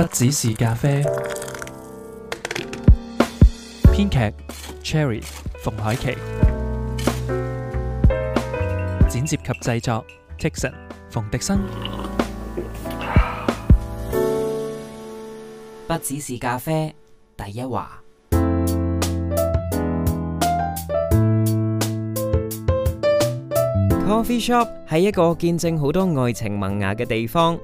不只是咖啡。編劇 Cherry 馮凱琪，剪接及製作 Tikson 馮迪生。不只是咖啡第一話。Coffee shop 係一個見證好多愛情萌芽嘅地方。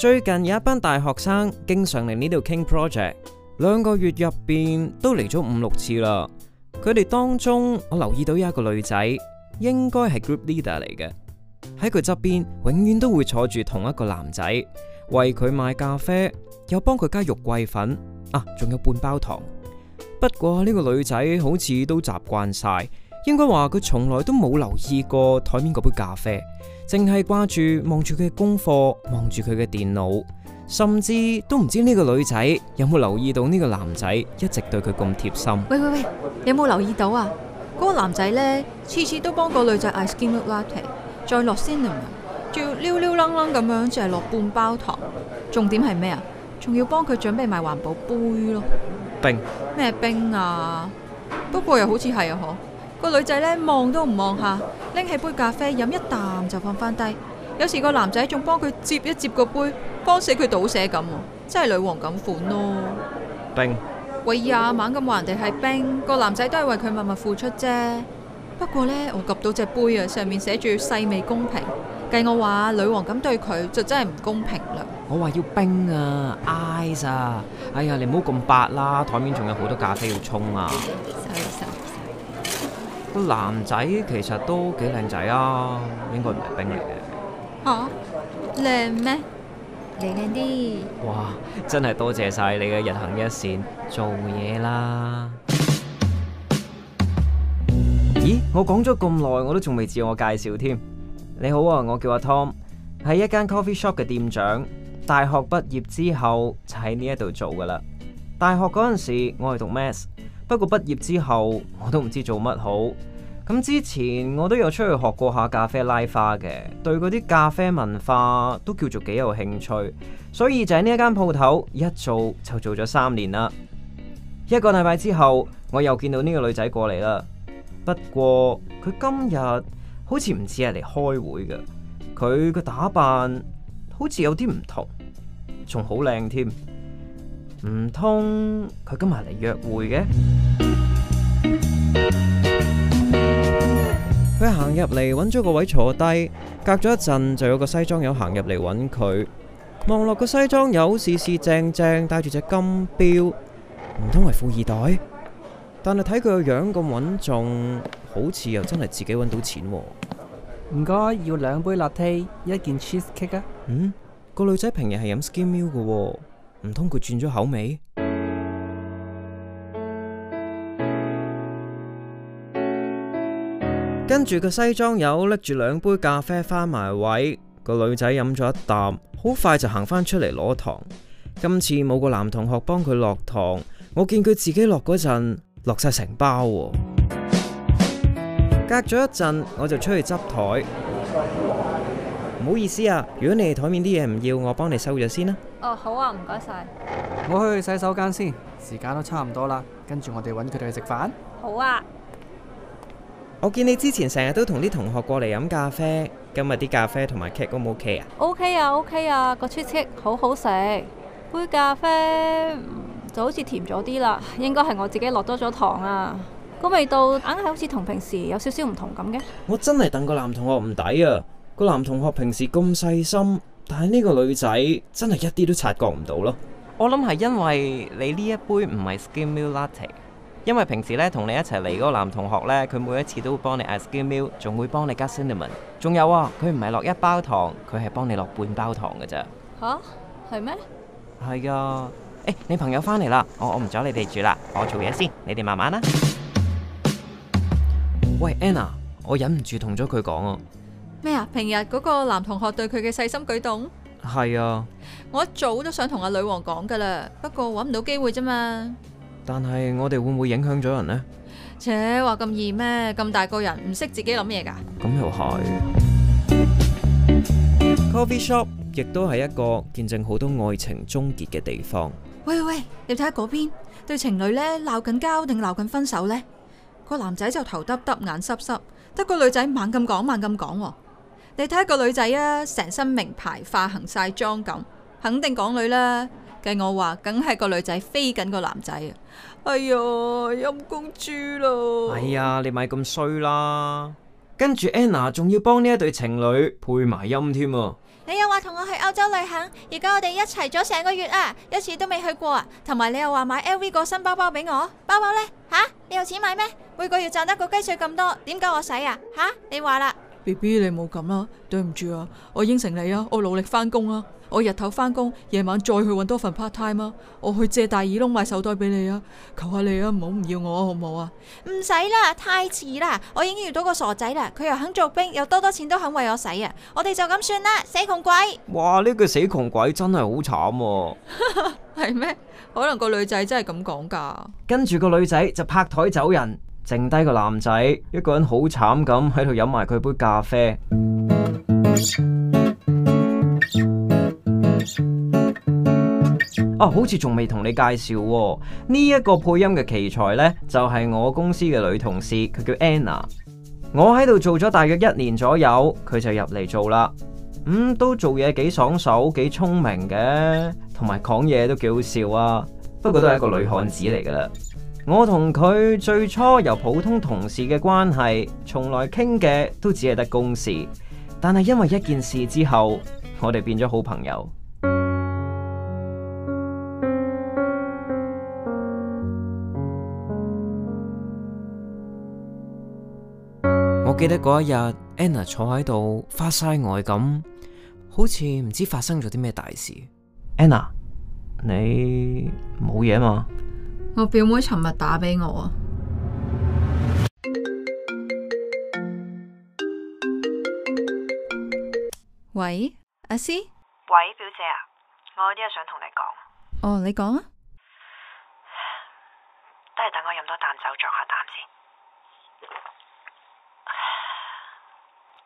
最近有一班大學生經常嚟呢度傾 project，兩個月入邊都嚟咗五六次啦。佢哋當中，我留意到有一個女仔，應該係 group leader 嚟嘅。喺佢側邊，永遠都會坐住同一個男仔，為佢買咖啡，又幫佢加肉桂粉，啊，仲有半包糖。不過呢個女仔好似都習慣晒。應該話佢從來都冇留意過檯面嗰杯咖啡，淨係掛住望住佢嘅功課，望住佢嘅電腦，甚至都唔知呢個女仔有冇留意到呢個男仔一直對佢咁貼心。喂喂喂，有冇留意到啊？嗰個男仔呢，次次都幫個女仔嗌 skin milk latte，再落 cinnamon，仲要溜溜楞楞咁樣淨係落半包糖。重點係咩啊？仲要幫佢準備埋環保杯咯。冰咩冰啊？不過又好似係啊，嗬。個女仔呢，望都唔望下，拎起杯咖啡飲一啖就放返低。有時個男仔仲幫佢接一接個杯，幫死佢倒瀉咁，真係女王咁款咯。冰，喂呀，猛咁話人哋係冰，個男仔都係為佢默默付出啫。不過呢，我及到隻杯啊，上面寫住細味公平。計我話女王咁對佢，就真係唔公平啦。我話要冰啊，ice 啊！哎呀，你唔好咁白啦，台面仲有好多咖啡要沖啊。男仔其實都幾靚仔啊，應該唔係兵嚟嘅。吓？靚咩？靚啲。哇，真係多謝晒你嘅日行一善，做嘢啦。咦？我講咗咁耐，我都仲未自我介紹添。你好啊，我叫阿 Tom，喺一間 coffee shop 嘅店長。大學畢業之後就喺呢一度做噶啦。大學嗰陣時我係讀 Math。不過畢業之後我都唔知做乜好，咁之前我都有出去學過下咖啡拉花嘅，對嗰啲咖啡文化都叫做幾有興趣，所以就喺呢一間鋪頭一做就做咗三年啦。一個禮拜之後，我又見到呢個女仔過嚟啦，不過佢今日好似唔似係嚟開會嘅，佢個打扮好似有啲唔同，仲好靚添。唔通佢今日嚟約會嘅？佢行入嚟揾咗個位坐低，隔咗一陣就有個西裝友行入嚟揾佢，望落個西裝友四四正正戴隻，戴住隻金表，唔通係富二代？但係睇佢個樣咁穩重，好似又真係自己揾到錢，啊。唔該，要兩杯 latte 一件 cheese cake 啊！嗯，個女仔平日係飲 skin milk 噶，啊。唔通佢轉咗口味？ 跟住個西裝友拎住兩杯咖啡返埋位，個女仔飲咗一啖，好快就行返出嚟攞糖。今次冇個男同學幫佢落糖，我見佢自己落嗰陣，落晒成包喎。 隔咗一陣，我就出去執台。唔好意思啊，如果你哋台面啲嘢唔要，我幫你收咗先啦。哦，好啊，唔該晒。我去洗手間先。時間都差唔多啦，跟住我哋搵佢哋去食飯。好啊。我見你之前成日都同啲同學過嚟飲咖啡，今日啲咖啡同埋 cake O 唔 O K 啊？O K 啊，O K 啊，個 cheese cake 好好食，杯咖啡就好似甜咗啲啦，應該係我自己落多咗糖啊。個味道硬係好似同平時有少少唔同咁嘅。我真係等個男同學唔抵啊！個男同學平時咁細心，但係呢個女仔真係一啲都察覺唔到咯。我諗係因為你呢一杯唔係 skim milk latte，因為平時呢同你一齊嚟嗰個男同學呢，佢每一次都會幫你嗌 skim milk，仲會幫你加 cinnamon，仲有啊，佢唔係落一包糖，佢係幫你落半包糖噶咋。吓、啊，係咩？係呀、欸。你朋友返嚟啦，我我唔阻你哋住啦，我做嘢先，你哋慢慢啦。喂，Anna，我忍唔住同咗佢講啊。咩啊？平日嗰個男同學對佢嘅細心舉動？係啊，我一早都想同阿女王講噶啦，不過搵唔到機會啫嘛。但係我哋會唔會影響咗人呢？且話咁易咩？咁大個人唔識自己諗嘢噶？咁又係。Coffee shop 亦都係一個見證好多愛情終結嘅地方。喂喂，你睇下嗰邊對情侶呢，鬧緊交定鬧緊分手呢？個男仔就頭耷耷、眼濕濕，得個女仔猛咁講、猛咁講。你睇個女仔啊，成身名牌，化痕晒妝咁，肯定港女啦。計我話，梗係個女仔飛緊個男仔啊！哎呀，陰公豬咯！哎呀，你咪咁衰啦！跟住 Anna 仲要幫呢一對情侶配埋音添啊！你又話同我去歐洲旅行，而家我哋一齊咗成個月啊，一次都未去過啊！同埋你又話買 LV 個新包包俾我，包包呢吓，你有錢買咩？每個月賺得個雞碎咁多，點夠我使啊？吓，你話啦？BB，你冇咁啦，對唔住啊，我應承你啊，我努力翻工啊，我日頭翻工，夜晚再去搵多份 part time 啊，我去借大耳窿買手袋俾你啊，求下你啊，唔好唔要我啊，好唔好啊？唔使啦，太遲啦，我已經遇到個傻仔啦，佢又肯做兵，又多多錢都肯為我使，這個，啊，我哋就咁算啦，死窮鬼！哇，呢個死窮鬼真係好慘啊，係咩？可能個女仔真係咁講噶，跟住個女仔就拍台走人。剩低個男仔一個人好慘咁喺度飲埋佢杯咖啡。 啊，好似仲未同你介紹喎，啊，呢，這，一個配音嘅奇才呢，就係，是，我公司嘅女同事，佢叫 Anna。我喺度做咗大約一年左右，佢就入嚟做啦。咁、嗯、都做嘢幾爽手，幾聰明嘅，同埋講嘢都幾好笑啊。不過都係一個女漢子嚟㗎啦。我同佢最初由普通同事嘅關係，從來傾嘅都只係得公事。但係因為一件事之後，我哋變咗好朋友。我記得嗰一日，Anna 坐喺度發晒呆咁，好似唔知發生咗啲咩大事。Anna，你冇嘢嘛？我表妹尋日打畀我。啊。喂，阿詩。喂，表姐啊，我有啲嘢想同你講。哦，你講啊。都係等我飲多啖酒壯下膽先。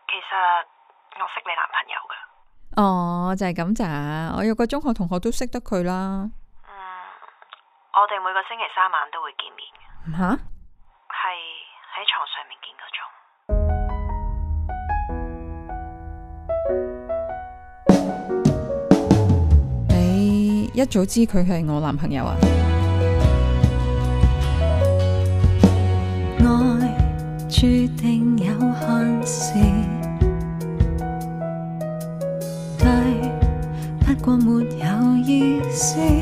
其實我識你男朋友噶。哦，就係咁咋，我有個中學同學都識得佢啦。我哋每個星期三晚都會見面嘅，唔吓、啊，係喺床上面見嗰種。你一早知佢係我男朋友啊？愛注定有限時，對，不過沒有意思。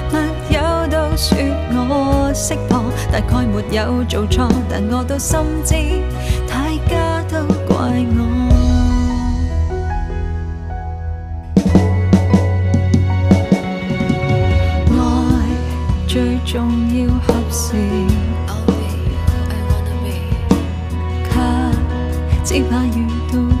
説我識破，大概沒有做錯，但我都心知，大家都怪我。愛 wanna 最重要合時，卻只怕遇到。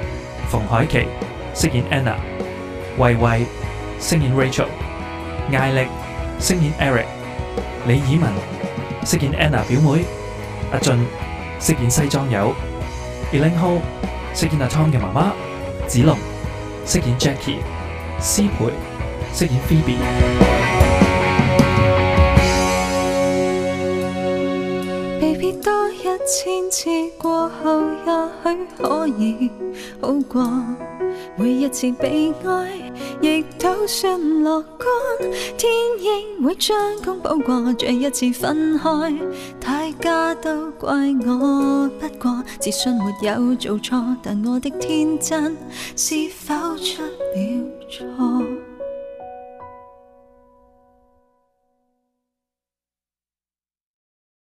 馮海琪飾演 Anna，慧慧飾演 Rachel，艾力飾演 Eric，李綺雯飾演 Anna 表妹，阿俊飾演西裝友，Elaine Ho 飾演阿 Tom 嘅媽媽，子龍飾演 Jackie，思培飾演 Phoebe。千次過後，也許可以好過。每一次悲哀，亦都算樂觀，天應會將功補過。再一次分開，大家都怪我。不過自信沒有做錯，但我的天真是否出了錯？